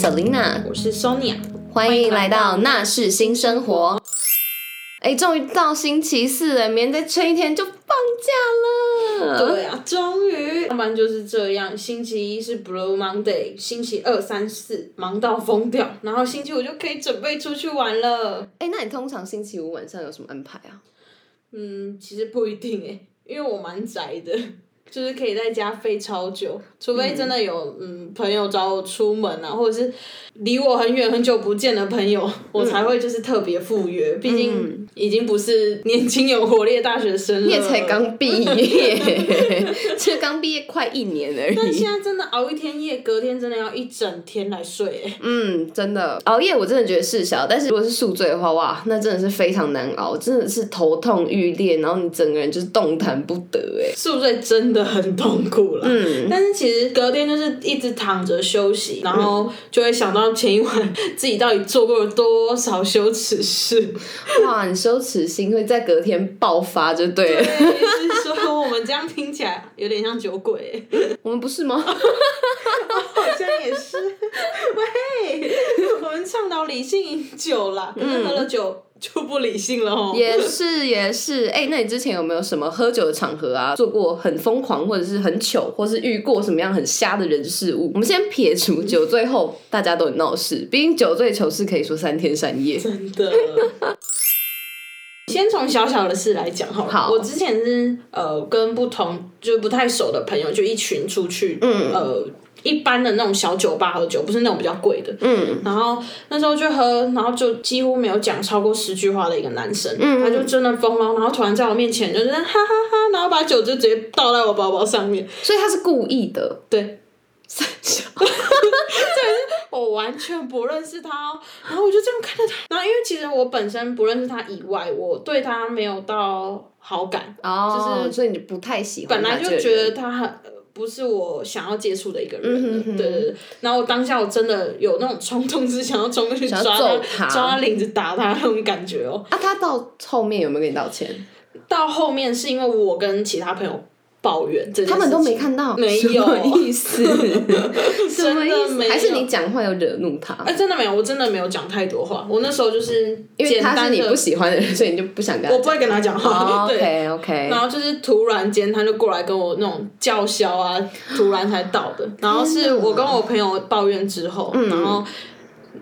Selina，我是 Sonia，歡迎來到娜式新生活。哎， 終於到星期四了，明天再撐一天就放假了，對啊，終於。上班就是這樣，星期一是 Blue Monday，星期二、三、四忙到瘋掉，然後星期五就可以準備出去玩了。哎，那你通常星期五晚上有什麼安排啊？嗯，其實不一定哎，因為我蠻宅的。就是可以在家廢超久，除非真的有嗯,嗯朋友找我出門啊，或者是離我很遠很久不見的朋友，嗯、我才會就是特別赴約。畢、嗯、竟已經不是年輕有活力的大學生了，你也才剛畢業，這剛畢業快一年而已。但現在真的熬一天夜，隔天真的要一整天來睡、欸。嗯，真的熬夜我真的覺得事小，但是如果是宿醉的話，哇，那真的是非常難熬，真的是頭痛欲裂，然後你整個人就是動彈不得、欸。哎，宿醉真的。很痛苦了，嗯，但是其實隔天就是一直躺着休息，然後就會想到前一晚自己到底做過了多少羞恥事，哇，你羞恥心會在隔天爆發，就對了。對，是說我們這樣聽起來有點像酒鬼、欸，我們不是嗎、？ 哦？好像也是。喂，我們倡導理性飲酒啦，嗯，喝了酒。嗯就不理性了，也是也是，哎、欸，那你之前有沒有什麼喝酒的場合啊，做過很瘋狂或者是很糗，或是遇過什麼樣很瞎的人事物？我們先撇除酒醉後大家都會鬧事，畢竟酒醉糗事可以說三天三夜。真的， 先從小小的事來講好不好？我之前是呃跟不同就不太熟的朋友就一群出去，嗯呃。一般的那種小酒吧喝酒，不是那種比較貴的。嗯，然後那時候就喝，然後就幾乎沒有講超過十句話的一個男生，嗯，嗯，他就真的瘋了，然後突然在我面前就是哈，哈哈哈，然後把酒就直接倒在我包包上面，所以他是故意的。對，三小 對，我完全不認識他喔，然後我就這樣看着他，然後因為其實我本身不認識他以外，我對他沒有到好感，哦，就是所以你不太喜歡，本來就覺得他很。不是我想要接觸的一個人，嗯、哼哼對對對。然後我當下我真的有那種衝動，是想要衝過去抓他、他抓他領子打他、嗯、那種感覺哦。啊，他到後面有沒有跟你道歉？到後面是因為我跟其他朋友，抱怨，他們都沒看到，沒有意思，真的沒有，還是你講話有惹怒他？哎、欸，真的沒有，我真的沒有講太多話。我那時候就是簡簡，因為他是你不喜歡的人，所以你就不想跟他。我不會跟他講話。Oh, okay, okay. 對，OK，然後就是突然間他就過來跟我那種叫囂啊，突然才到的。然後是我跟我朋友抱怨之後，天哪，然後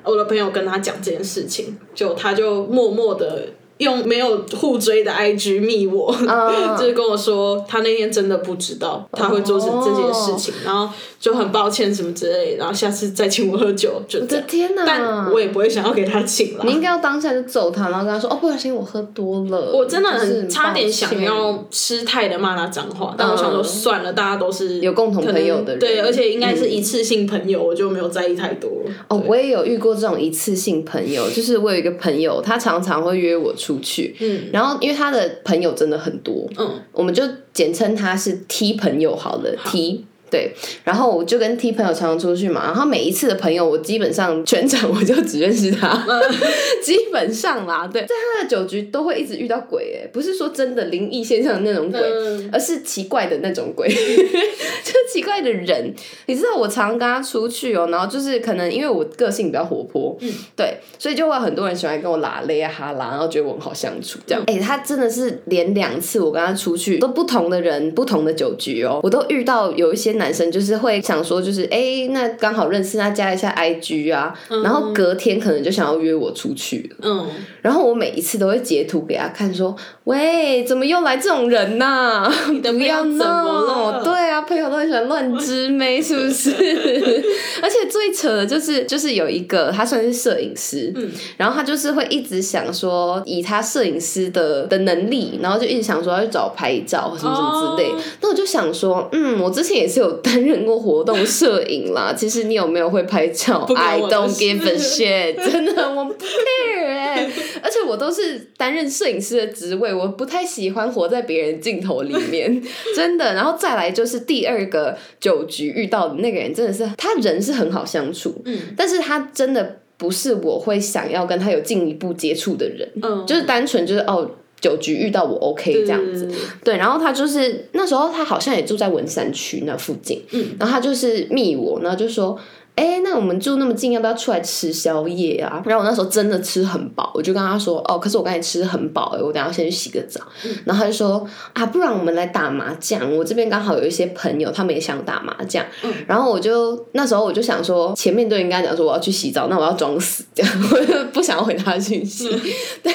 我的朋友跟他講這件事情，就他就默默的。用沒有互追的 IG 密我，就是跟我說他那天真的不知道他會做成這件事情，然後就很抱歉什麼之類，然後下次再請我喝酒，就，我的天吶。但我也不會想要給他請了。你應該要當下就走他，然後跟他說哦，不小心我喝多了。我真的是，差點想要失態的罵他髒話，但我想說算了，大家都是有共同朋友的人，對，而且應該是一次性朋友，我就沒有在意太多。哦，我也有遇過這種一次性朋友，就是我有一個朋友，他常常會約我出去，嗯，然後因為他的朋友真的很多，嗯，我們就簡稱他是 T 朋友，好了，嗯，T。對，然後我就跟 T 朋友常常出去嘛，然後每一次的朋友我基本上全場我就只認識他，嗯、 基本上啦，對，在他的酒局都會一直遇到鬼，哎，不是說真的靈異現象的那種鬼，嗯、而是奇怪的那種鬼， 就奇怪的人，你知道我常常跟他出去哦，然後就是可能因為我個性比較活潑，嗯，對，所以就會有很多人喜歡跟我拉咧哈拉，然後覺得我們好相處，這樣，哎、嗯欸，他真的是連兩次我跟他出去都不同的人，不同的酒局哦，我都遇到有一些。男生就是會想說，就是哎、欸，那剛好認識，那加一下 IG 啊。Uh huh. 然後隔天可能就想要約我出去了嗯，uh huh. 然後我每一次都會截圖給他看，說：“喂，怎麼又來這種人吶、啊？不要鬧了。” 對啊，朋友都很喜歡亂支眉，是不是？ 而且最扯的就是，就是有一個他算是攝影師，嗯，然後他就是會一直想說，以他攝影師的的能力，然後就一直想說要去找拍照什麼什麼之類。那、uh huh. 我就想說，嗯，我之前也是有。擔任過活動攝影啦， 其實你有沒有會拍照？I don't give a shit！ 真的，我不配、欸。 而且我都是擔任攝影師的職位，我不太喜歡活在別人鏡頭裡面，真的。然後再來就是第二個酒局遇到的那個人，真的是他人是很好相處，嗯，但是他真的不是我會想要跟他有進一步接觸的人，嗯、就是單純就是哦。酒局遇到我 OK 這樣子，對，對，然後他就是那時候他好像也住在文山區那附近，嗯，然後他就是密我，然後就說，哎、欸，那我們住那麼近，要不要出來吃宵夜啊？然後我那時候真的吃很飽，我就跟他說，哦，可是我剛才吃很飽、欸，我等下先去洗個澡。嗯、然後他就說，啊，不然我們來打麻將，我這邊剛好有一些朋友，他們也想打麻將。嗯、然後我就那時候我就想說，前面都應該講說我要去洗澡，那我要裝死這樣，我就不想回他信息。嗯、 對，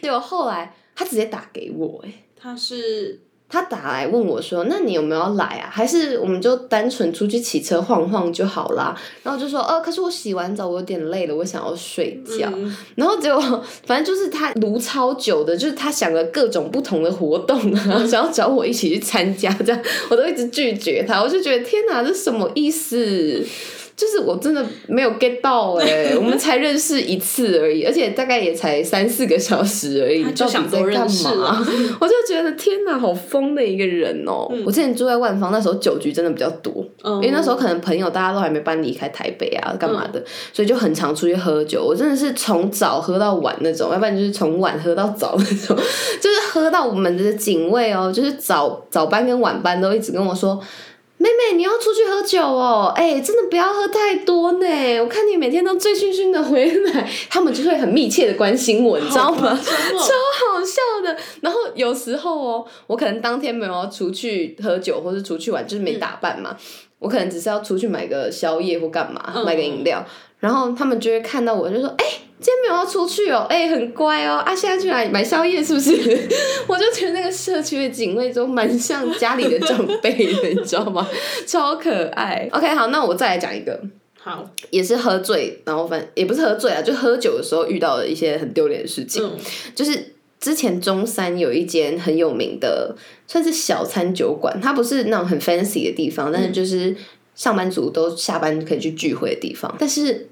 結果後來。他直接打給我、欸，哎，他是他打來問我說：“那你有沒有來啊？還是我們就單純出去騎車晃晃就好啦？”然後我就說：“哦、呃，可是我洗完澡，我有點累了，我想要睡覺。嗯”然後結果反正就是他盧超久的，就是他想了各種不同的活動，然後想要找我一起去參加， 這樣我都一直拒絕他。我就覺得天哪、啊，這什麼意思？就是我真的沒有 get 到誒、欸， 我們才認識一次而已，而且大概也才三四個小時而已，就想認識了，到底在幹嘛？我就覺得天哪，好瘋的一個人哦、喔！嗯、我之前住在萬方，那時候酒局真的比較多，嗯、因為那時候可能朋友大家都還沒搬離開台北啊，幹嘛的，嗯、所以就很常出去喝酒。我真的是從早喝到晚那種，要不然就是從晚喝到早那種，就是喝到我們的警衛哦、喔，就是早早班跟晚班都一直跟我說。妹妹，你要出去喝酒哦、喔！哎、欸，真的不要喝太多呢。我看你每天都醉醺醺的回來，他們就會很密切的關心我，你知道嗎？好好，超好，超好笑的。然後有時候哦、喔，我可能當天沒有要出去喝酒，或是出去玩，就是沒打扮嘛。嗯、我可能只是要出去買個宵夜或幹嘛，嗯、買個飲料，然後他們就會看到我就說：“哎、欸。”今天沒有要出去哦、喔，哎、欸，很乖哦、喔、啊！現在去買買宵夜是不是？ 我就覺得那個社區的警衛中蠻像家裡的長輩的， 你知道嗎？超可愛。OK，好，那我再來講一個。好，也是喝醉，然後反正也不是喝醉啊，就喝酒的時候遇到的一些很丟臉的事情。嗯，就是之前中山有一間很有名的，算是小餐酒館，它不是那種很 fancy 的地方，但是就是上班族都下班可以去聚會的地方，但是。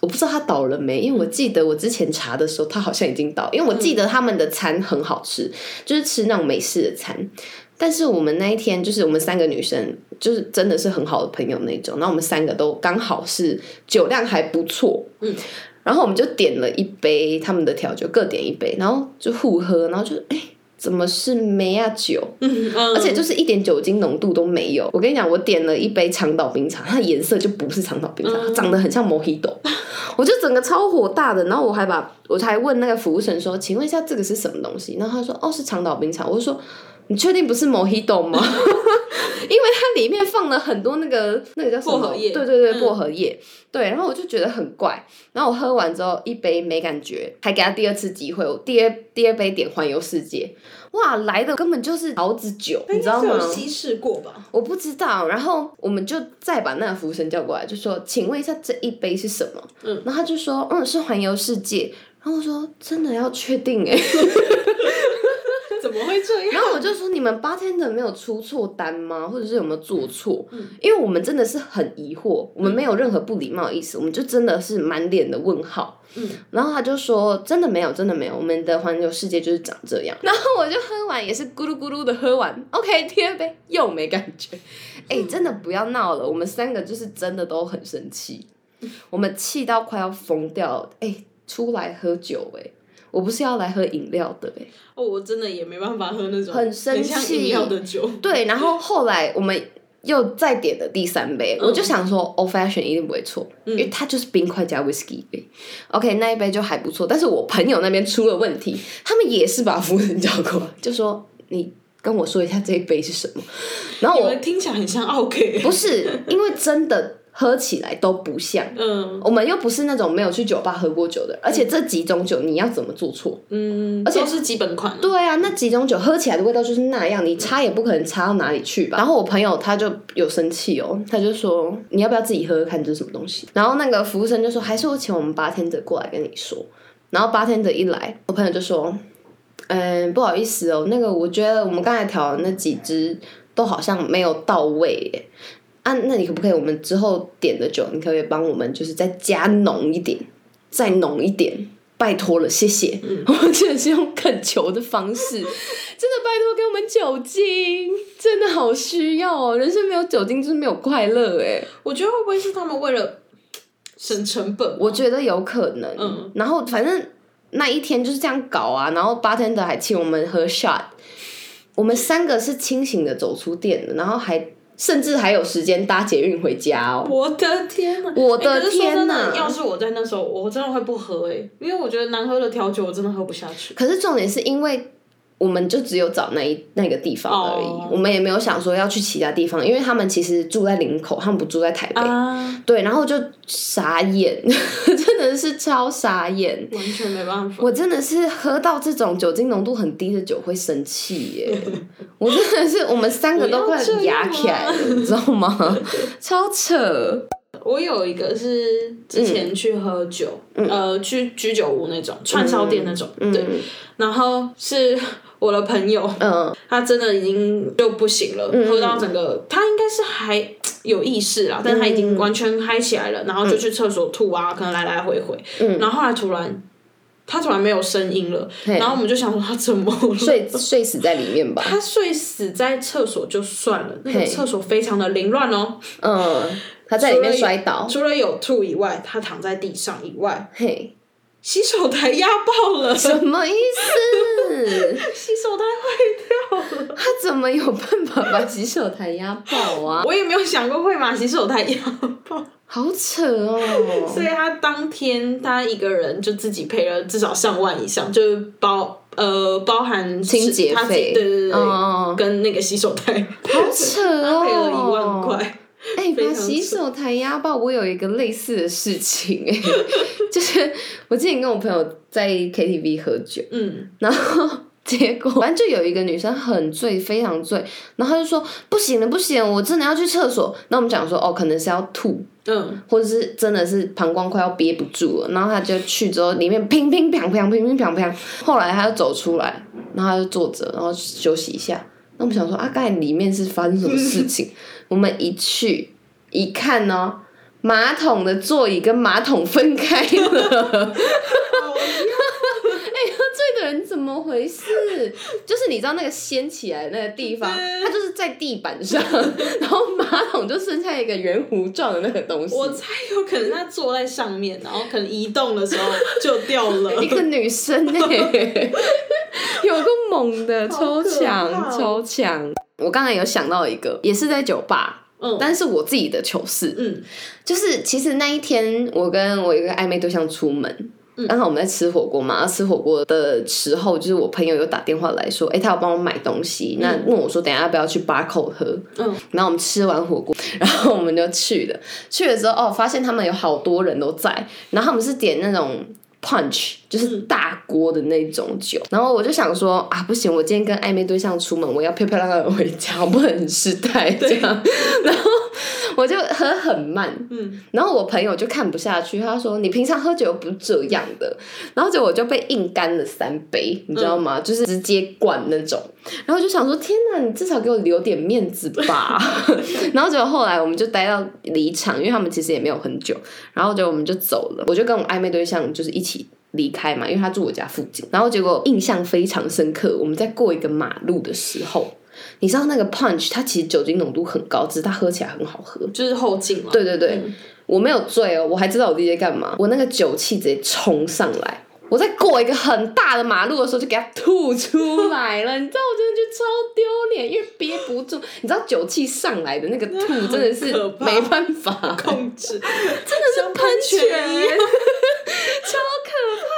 我不知道他倒了沒，因為我記得我之前查的時候，他好像已經倒。因為我記得他們的餐很好吃，嗯、就是吃那種美式的餐。但是我們那一天就是我們三個女生，就是真的是很好的朋友那種。那我們三個都剛好是酒量還不錯，嗯，然後我們就點了一杯他們的調酒，各點一杯，然後就互喝，然後就誒。欸怎麼是梅啊酒？ 嗯、而且就是一點酒精濃度都沒有。我跟你講，我點了一杯長島冰茶，它顏色就不是長島冰茶，它長得很像 Mojito。嗯、我就整個超火大的，然後我還把我才問那個服務生說：“請問一下這個是什麼東西？”然後他說：“哦，是長島冰茶。”我就說：“你確定不是 Mojito 嗎？” 因為它裡面放了很多那個那個叫什麼？對對對，薄荷葉。嗯、對，然後我就覺得很怪。然後我喝完之後一杯沒感覺，還給他第二次機會。我第二第二杯點環遊世界，哇，來的根本就是桃子酒，子你知道嗎？稀釋過吧？我不知道。然後我們就再把那個服務生叫過來，就說：“請問一下，這一杯是什麼？”嗯，然後他就說：“嗯，是環遊世界。”然後我說：“真的要確定、欸？”哎。 怎麼會這樣？然後我就說：“你們八天的沒有出錯單嗎？或者是有沒有做錯？嗯、因為我們真的是很疑惑，我們沒有任何不禮貌的意思，嗯、我們就真的是滿臉的問號。嗯”然後他就說：“真的沒有，真的沒有，我們的環遊世界就是長這樣。”然後我就喝完也是咕嚕咕嚕的喝完，OK 第二杯又沒感覺。哎、 欸，真的不要鬧了，我們三個就是真的都很生氣，嗯、我們氣到快要瘋掉了。哎、欸，出來喝酒哎、欸。我不是要來喝飲料的、欸、哦，我真的也沒辦法喝那種很像飲料的酒，很生氣。對，然後後來我們又再點了第三杯，嗯、我就想說，Old Fashioned 一定不會錯，嗯、因為它就是冰塊加 whisky 杯、欸。OK，那一杯就還不錯，但是我朋友那邊出了問題，他們也是把服務生叫過來，就說，你跟我說一下這一杯是什麼？然後我們聽起來很像奧客、欸、不是，因為真的。 喝起來都不像，嗯，我們又不是那種沒有去酒吧喝過酒的，而且這幾種酒你要怎麼做錯？嗯，而且都是基本款、啊，對啊，那幾種酒喝起來的味道就是那樣，你差也不可能差到哪裡去吧。然後我朋友他就有生氣哦、喔，他就說你要不要自己喝喝看這是什麼東西？然後那個服務生就說，還是我請我們 bartender 過來跟你說。然後 bartender 一來，我朋友就說，嗯，不好意思哦、喔，那個我覺得我們剛才調的那幾支都好像沒有到位耶、欸。啊，那你可不可以？我們之後點的酒，你可不可以幫我們就是再加濃一點，再濃一點？拜託了，謝謝。嗯、我真的是用懇求的方式， 真的拜託給我們酒精，真的好需要哦。人生沒有酒精就是沒有快樂誒、欸。我覺得會不會是他們為了省成本？我覺得有可能。嗯，然後反正那一天就是這樣搞啊。然後 bartender 還請我們喝 shot，我們三個是清醒的走出店的，然後還。甚至還有時間搭捷運回家哦！我的天吶，我的天吶。要是我在那時候，我真的會不喝誒、欸，因為我覺得難喝的調酒我真的喝不下去。可是重點是因為。我們就只有找那一那個地方而已，oh. 我們也沒有想說要去其他地方，因為他們其實住在林口，他們不住在台北。Uh, 對，然後就傻眼， 真的是超傻眼，完全沒辦法。我真的是喝到這種酒精濃度很低的酒會生氣耶、欸， 我真的是我們三個都快牙起來了， 你知道嗎？超扯！我有一個是之前去喝酒，嗯、呃，去居酒屋那種串燒店那種，嗯、對，嗯、然後是。我的朋友，嗯，他真的已經就不行了，喝到整個他應該是還有意識啦，但他已經完全嗨起來了，然後就去廁所吐啊，可能來來回回，嗯，然後後來突然他突然沒有聲音了，然後我們就想說他怎麼了？睡睡死在裡面吧？他睡死在廁所就算了，那個廁所非常的凌亂哦，嗯，他在裡面摔倒，除了有吐以外，他躺在地上以外，嘿。洗手台壓爆了，什麼意思？ 洗手台壞掉了，他怎麼有辦法把洗手台壓爆啊？我也沒有想過會把洗手台壓爆，好扯哦！ 所以他當天他一個人就自己賠了至少上萬以上，就是包呃包含清潔費，對對對，對、哦，跟那個洗手台，好扯，扯哦，他賠了一萬塊。哎、欸，把洗手台壓爆！我有一個類似的事情、欸， 就是我之前跟我朋友在 KTV 喝酒，嗯，然後結果反正就有一個女生很醉，非常醉，然後她就說不行了，不行，不行，我真的要去廁所。那我們講說，哦，可能是要吐，嗯，或者是真的是膀胱快要憋不住了。然後她就去之後，裡面乒乒乓乓，乒乒乓乓。後來她就走出來，然後她就坐着，然後休息一下。那我們想說，阿、啊、蓋裡面是發生什麼事情？嗯、我們一去一看呢，哦，馬桶的座椅跟馬桶分開了。 怎麼回事？就是你知道那個掀起來那個地方，對它就是在地板上，然後馬桶就剩下一個圓弧狀的那個東西。我猜有可能他坐在上面，然後可能移動的時候就掉了。一個女生呢、欸，有個猛的超強，超強。超強。我剛才有想到一個，也是在酒吧，嗯，但是我自己的糗事，嗯，嗯，就是其實那一天我跟我一個曖昧對象出門。剛好我們在吃火鍋嘛，吃火鍋的時候，就是我朋友有打電話來說，哎、欸，他要幫我買東西，嗯、那問我說，等一下要不要去八口喝？嗯，然後我們吃完火鍋，然後我們就去了，去了之後哦，發現他們有好多人都在，然後他們是點那種 Punch。就是大鍋的那種酒，嗯、然後我就想說啊，不行，我今天跟曖昧對象出門，我要漂漂亮亮的回家，我不能很失態這樣。 然後我就喝很慢，嗯，然後我朋友就看不下去，他說：“你平常喝酒不這樣的。”然後結果我就被硬幹了三杯，你知道嗎？嗯、就是直接灌那種。然後我就想說：“天哪、啊，你至少給我留點面子吧。 ”然後結果後來我們就待到離場，因為他們其實也沒有很久，然後就我們就走了。我就跟我曖昧對象就是一起離開嘛，因為他住我家附近。然後結果印象非常深刻，我們在過一個馬路的時候，你知道那個 Punch 它其實酒精濃度很高，只是它喝起來很好喝，就是後勁嘛。對對對，嗯、我沒有醉哦、喔，我還知道我自己在幹嘛，我那個酒氣直接衝上來。我在過一個很大的馬路的時候，就給它吐出來了， 你知道，我真的就超丟臉，因為憋不住，你知道酒氣上來的那個吐真的是沒辦法、欸、控制，真的是噴泉，超，泉 超可怕。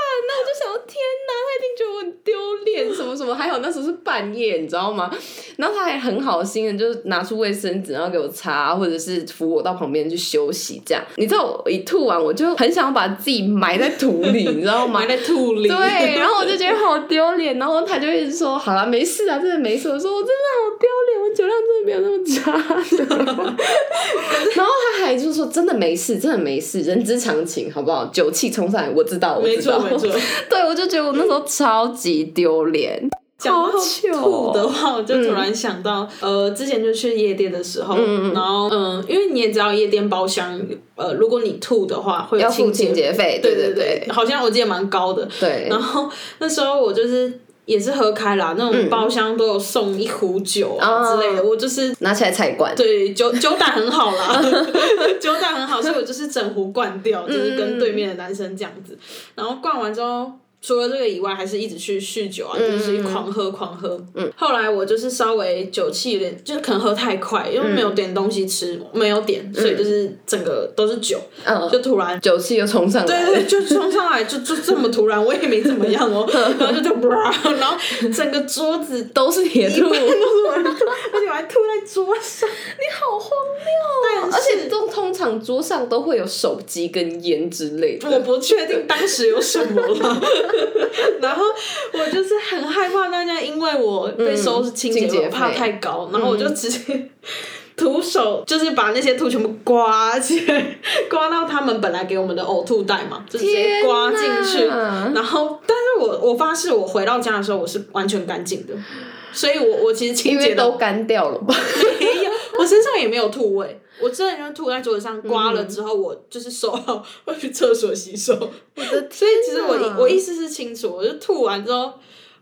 天吶，他一定覺得我很丟臉，什麼什麼，還好那時候是半夜，你知道嗎？然後他還很好心的，就是拿出衛生紙然後給我擦，或者是扶我到旁邊去休息，這樣。你知道我一吐完，我就很想把自己埋在土裡， 你知道嗎？埋在土裡， 對。然後我就覺得好丟臉，然後他就一直說：“好了，沒事啊，真的沒事。”我說：“我真的好丟臉。”酒量真的沒有那麼差， 然後他還就是說真的沒事，真的沒事，人之常情，好不好？酒氣衝上來，我知道，我知道。沒錯，沒錯，對，我就覺得我那時候超級丟臉，好糗。吐的話，我、喔、就突然想到，嗯、呃，之前就去夜店的時候，嗯、然後嗯、呃，因為你也知道夜店包廂，呃，如果你吐的話，會有清潔要，要付清潔費，對對對，對對對，好像我記得蠻高的，對。然後那時候我就是。也是喝開啦，那種包廂都有送一壺酒啊之類的，嗯、我就是拿起來才灌。對，酒酒膽很好啦， 酒膽很好，所以我就是整壺灌掉，可就是跟對面的男生這樣子，嗯嗯，然後灌完之後。除了這個以外，還是一直去酗酒啊，就是狂喝狂喝。嗯，後來我就是稍微酒氣有點，就是可能喝太快，因為沒有點東西吃，沒有點，所以就是整個都是酒，就突然酒氣又衝上來。對對對，就沖上來，就就這麼突然，我也沒怎麼樣哦，然後就就，然後整個桌子都是鐵路，而且我還吐在桌上，你好荒謬喔！而且這種通常桌上都會有手機跟菸之類，我不確定當時有什麼了。 然後我就是很害怕大家因為我被收拾清潔，我怕太高，然後我就直接徒手就是把那些兔全部刮起來，刮到他們本來給我們的嘔吐袋嘛，就直接刮進去。然後，但是我我發誓我回到家的時候，我是完全乾淨的，所以，我我其實清潔都幹掉了。 啊、身上也沒有吐味，我真的就吐在桌子上，刮了之後，嗯、我就是手，我去廁所洗手。我的天啊、所以其實我我意思是清楚，我就吐完之後，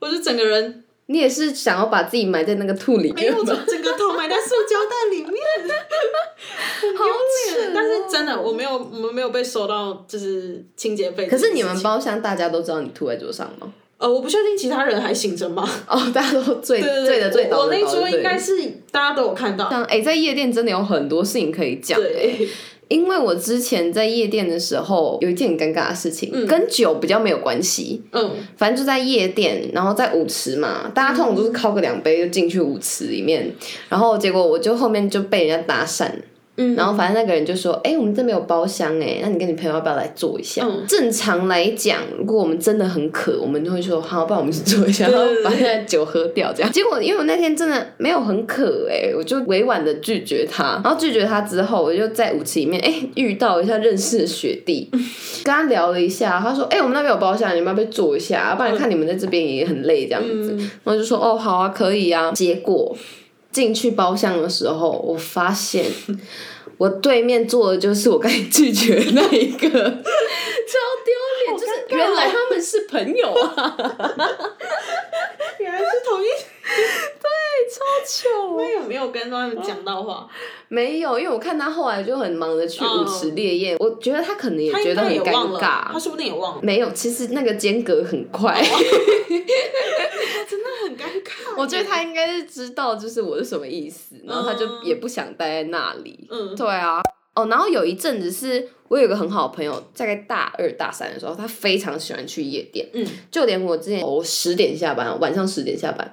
我就整個人。你也是想要把自己埋在那個吐裡面嗎？沒有，整個頭埋在塑膠袋裡面， 好、哦、但是真的，我沒有，我們沒有被收到，就是清潔費。可是你們包廂大家都知道你吐在桌上嗎？呃、哦，我不確定其他人還醒着嗎？哦，大家都醉對對對，醉的最倒頭就睡。我那桌應該是大家都有看到。哎、欸，在夜店真的有很多事情可以講、欸。對，因為我之前在夜店的時候，有一件很尷尬的事情，嗯、跟酒比較沒有關係。嗯，反正就在夜店，然後在舞池嘛，大家通常都是靠個兩杯就進去舞池裡面，嗯、然後結果我就後面就被人家搭訕。嗯、然後反正那個人就說：“哎、欸，我們這沒有包廂哎，那你跟你朋友要不要來坐一下？嗯、正常來講，如果我們真的很渴，我們就會說好，不然我們去坐一下，然後把那酒喝掉這樣。對對對，結果因為我那天真的沒有很渴哎，我就委婉的拒絕他。然後拒絕他之後，我就在舞池裡面哎、欸、遇到一下認識的學弟，嗯、跟他聊了一下，他說：哎、欸，我們那邊有包廂，你們要不要坐一下、啊？不然看你們在這邊也很累這樣子。嗯、然後就說：哦，好啊，可以啊。結果。”進去包廂的時候，我發現我對面坐的就是我剛才拒絕的那一個， 超丟臉臉！就是原來他們是朋友啊！ 原來是同一 對，超糗！那有沒有跟他們講到話？ 沒有，因為我看他後來就很忙的去舞池烈焰，uh, 我覺得他可能也覺得很尷尬他，他說不定也忘了。沒有，其實那個間隔很快，oh, okay. 真的很。我覺得他應該是知道，就是我是什麼意思，然後他就也不想待在那裡。嗯、對啊，哦、oh,，然後有一陣子是，我有一個很好的朋友，在大概大二大三的時候，他非常喜歡去夜店。嗯，就連我之前我十、oh, 點下班，晚上十點下班，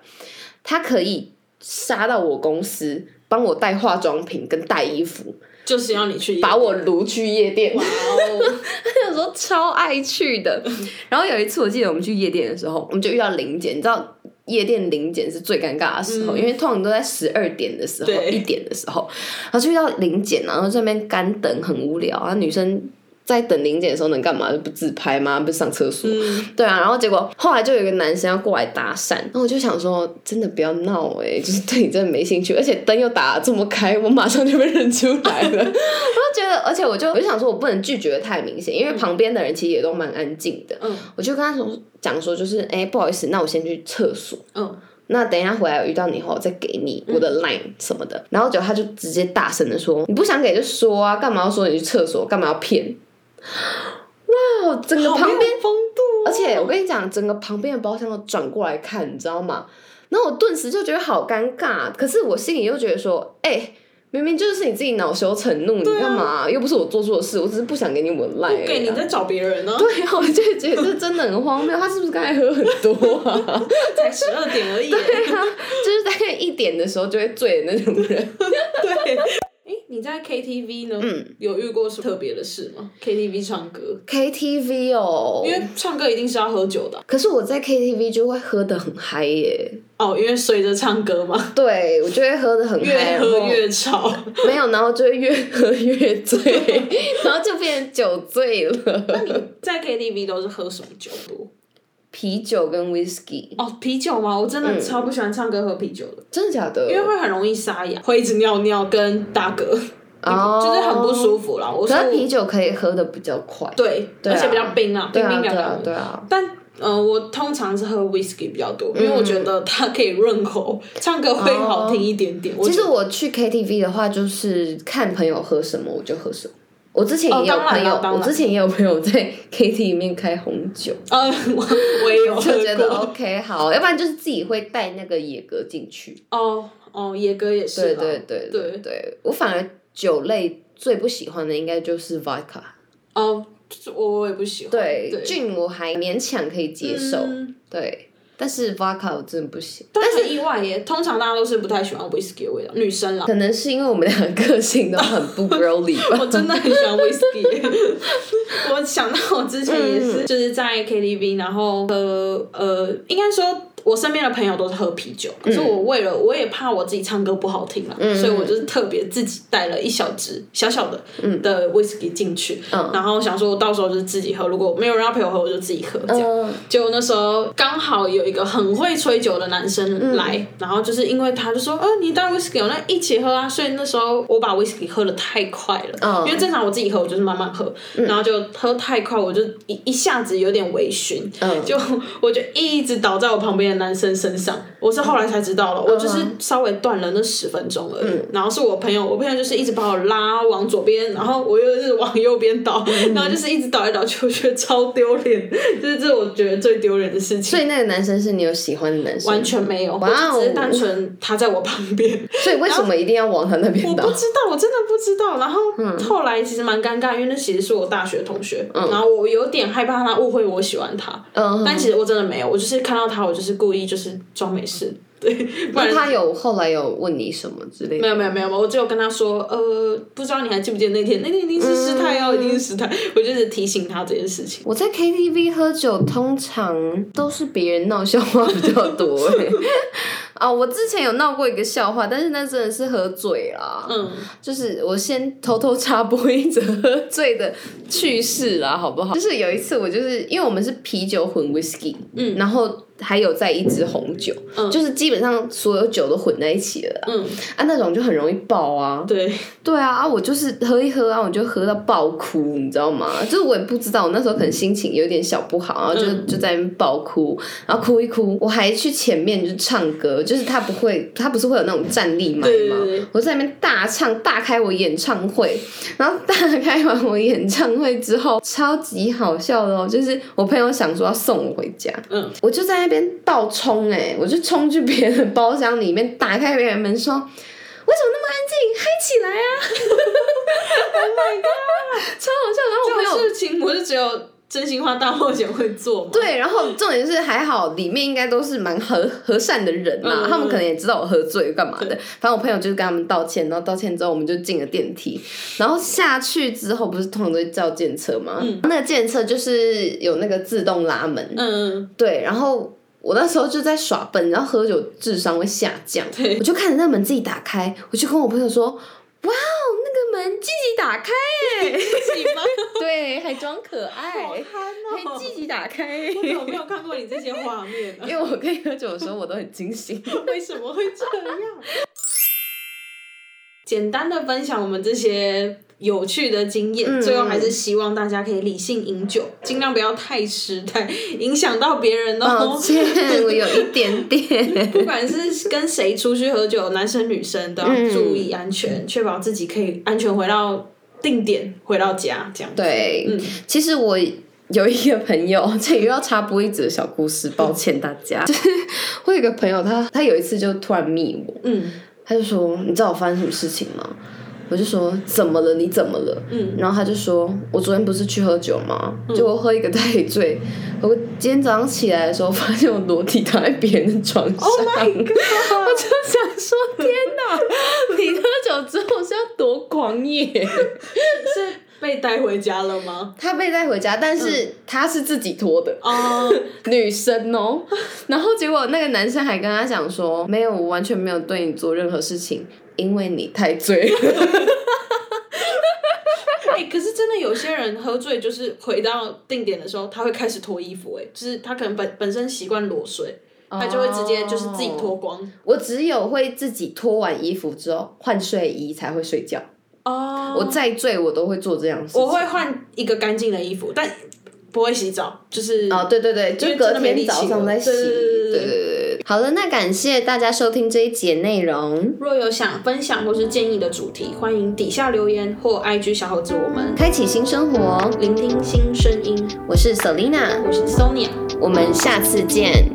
他可以殺到我公司，幫我帶化妝品跟帶衣服，就是讓你去把我擄去夜店。哇哦，Wow 他有時候超愛去的。 然後有一次，我記得我們去夜店的時候，我們就遇到林姐，你知道。夜店臨檢是最尷尬的時候，嗯、因為通常都在十二點的時候，一對點的時候，然後就遇到臨檢，啊，然後在那邊乾等很無聊，然後女生。在等零點的時候能幹嘛？不自拍嗎？不是上廁所？嗯、對啊。然後結果後來就有一個男生要過來搭訕，那我就想說，真的不要鬧哎、欸，就是對你真的沒興趣，而且燈又打這麼開，我馬上就被認出來了。 我就覺得，而且我就我就想說，我不能拒絕得太明顯，因為旁邊的人其實也都蠻安靜的。嗯，我就跟他講說，就是哎、欸，不好意思，那我先去廁所。嗯，那等一下回來我遇到你以後，我再給你我的 line 什麼的。然後結果他就直接大聲的說：“你不想給就說啊，幹嘛要說你去廁所？幹嘛要騙？”哇，我整個旁邊風度，而且我跟你講，整個旁邊的包廂都轉過來看，你知道嗎？然後我頓時就覺得好尷尬，可是我心裡又覺得說，哎，明明就是你自己惱羞成怒，你幹嘛、啊？又不是我做錯事，我只是不想給你穩賴，對，你在找別人呢？對啊，我就覺得這真的很荒謬，他是不是剛才喝很多啊？才十二點而已，對啊，就是大概一點的時候就會醉的那種人， 對。你在 KTV 呢？嗯、有遇過什麼特別的事嗎？KTV 唱歌，KTV 哦，因為唱歌一定是要喝酒的、啊。可是我在 KTV 就會喝得很嗨耶、欸。哦，因為隨着唱歌嘛。對，我就會喝得很嗨，越喝越吵，沒有，然後就會越喝越醉， 然後就變成酒醉了。 那你在 KTV 都是喝什麼酒多？啤酒跟 whiskey，哦，啤酒嗎？我真的超不喜歡唱歌喝啤酒的，嗯、真的假的？因為會很容易沙啞，會一直尿尿跟打嗝，oh, 就是很不舒服啦。我覺得啤酒可以喝的比較快，我我對，對啊、而且比較冰啊，冰冰涼涼。對啊，對啊對啊，但呃我通常是喝 whiskey 比較多，嗯、因為我覺得它可以潤喉，唱歌會好聽一點點。Oh, 其實我去 KTV 的話，就是看朋友喝什麼我就喝什麼。我之前也有朋友，哦、我之前也有朋友在 K T 裡面開紅酒，嗯、啊，我我也有 覺得 O、OK, K，好，要不然就是自己會帶那個野格進去。哦哦，野格也是、啊。對對對對對，對，對，我反而酒類最不喜歡的應該就是 Vodka。哦、嗯，就是我我也不喜歡。對，Gin 我對還勉強可以接受。嗯、對。但是 vodka 我真的不行，但是意外耶，通常大家都是不太喜歡 whiskey 的味道。是女生啦，可能是因為我們兩個個性都很不 girly 吧 我真的很喜歡 whiskey， 我想到我之前也是，就是在 KTV，然後呃呃，應該說。我身邊的朋友都是喝啤酒，可是我為了、嗯、我也怕我自己唱歌不好聽了，嗯、所以我就是特別自己帶了一小支小小的的威士忌進去，嗯、然後想說，我到時候就是自己喝，如果沒有人要陪我喝，我就自己喝。這樣，嗯、就那時候剛好有一個很會吹酒的男生來，嗯、然後就是因為他就說，呃、啊，你帶威士忌，那一起喝啊。所以那時候我把威士忌喝得太快了，嗯、因為正常我自己喝我就是慢慢喝，嗯、然後就喝太快，我就一一下子有點微醺，嗯、就我就一直倒在我旁邊男生身上，我是後來才知道了。我就是稍微斷了那十分鐘而已。嗯、然後是我朋友，我朋友就是一直把我拉往左邊，然後我又是往右邊倒，然後就是一直倒來倒去，我覺得超丟臉。這、就是我覺得最丟臉的事情。所以那個男生是你有喜歡的男生的？完全沒有，Wow 我只是單純他在我旁邊。所以為什麼一定要往他那邊倒？我不知道，我真的不知道。然後後來其實蠻尷尬，因為那其實是我大學同學。嗯、然後我有點害怕他誤會我喜歡他。Uh huh、但其實我真的沒有。我就是看到他，我就是。故意就是裝沒事，對。不然他有後來有問你什麼之類的？有有之類的沒有沒有沒有，我只有跟他說，呃，不知道你還記不記得那天？那天一定是失態哦，一定是失態、哦嗯，我就是提醒他這件事情。我在 K T V 喝酒，通常都是別人鬧笑話比較多。 哦，我之前有鬧過一個笑話，但是那真的是喝醉了。嗯，就是我先偷偷插播一則喝醉的趣事啦，好不好？嗯、就是有一次，我就是因為我們是啤酒混 whisky，嗯，然後。還有在一支紅酒，嗯、就是基本上所有酒都混在一起了，嗯，啊那種就很容易爆啊，對，對啊，啊我就是喝一喝啊，我就喝到爆哭，你知道嗎？就是我也不知道，我那時候可能心情有點小不好，然後就、嗯、就在那邊爆哭，然後哭一哭，我還去前面就唱歌，就是他不會，他不是會有那種站立麥嗎？對，對，對，對，我在那邊大唱大開我演唱會，然後大開完我演唱會之後，超級好笑的哦，就是我朋友想說要送我回家，嗯，我就在。邊倒衝哎、欸，我就衝去別人的包廂裡面，打開別人門說：“為什麼那麼安靜？嗨起來啊 ！”Oh my god，超好笑！然後我朋有事情不是只有真心話大冒險會做對，然後重點是還好，裡面應該都是蠻和和善的人嘛，嗯嗯他們可能也知道我喝醉幹嘛的。對反正我朋友就是跟他們道歉，然後道歉之後我們就進了電梯，然後下去之後不是通常都會叫檢測嘛？嗯、那個檢測就是有那個自動拉門，嗯，嗯，對，然後。我那時候就在耍笨，然後喝酒智商會下降，對我就看着那門自己打開，我就跟我朋友說：“哇哦，那個門、欸、自己打開，自己嗎 對，還裝可愛，好憨哦、喔，自己打開、欸。”我有沒有看過你這些畫面、啊？ 因為我跟喝酒的時候我都很驚醒， 為什麼會這樣？ 簡單的分享我們這些有趣的經驗，嗯、最後還是希望大家可以理性飲酒，儘量不要太失態，影響到別人哦。抱、oh, dear, 我有一點點。不管是跟誰出去喝酒， 男生女生都要注意安全，嗯、確保自己可以安全回到定點，回到家這樣。對，嗯、其實我有一個朋友，這裡又要插播一則小故事，抱歉大家。嗯就是、我有一個朋友他，他他有一次就突然密我，嗯。他就說：“你知道我發生什麼事情嗎？”我就說：“怎麼了？你怎麼了？”嗯，然後他就說：“我昨天不是去喝酒嗎？就我喝一個太醉。嗯、我今天早上起來的時候，發現我裸體躺在別人的床上。Oh my god、我就想說：天哪！你喝酒之後是要多狂野。 是”被帶回家了嗎？他被帶回家，但是他是自己脫的。哦、嗯， 女生哦，然後結果那個男生還跟他講說，沒有，我完全沒有對你做任何事情，因為你太醉了。哎、 欸，可是真的有些人喝醉，就是回到定點的時候，他會開始脫衣服。欸。哎，就是他可能本本身習慣裸睡，他就會直接就是自己脫光。哦。我只有會自己脫完衣服之後換睡衣才會睡覺。哦，oh, 我再醉我都會做這樣子，我會換一個乾淨的衣服，但不會洗澡，就是哦，oh, 對對對，就是真的沒力氣的對，對，對對對。好了，那感謝大家收聽這一節內容。若有想分享或是建議的主題，歡迎底下留言或 IG 小盒子。我們開啟新生活，聆聽新聲音。我是 Selina，我是 Sonia，我們下次見。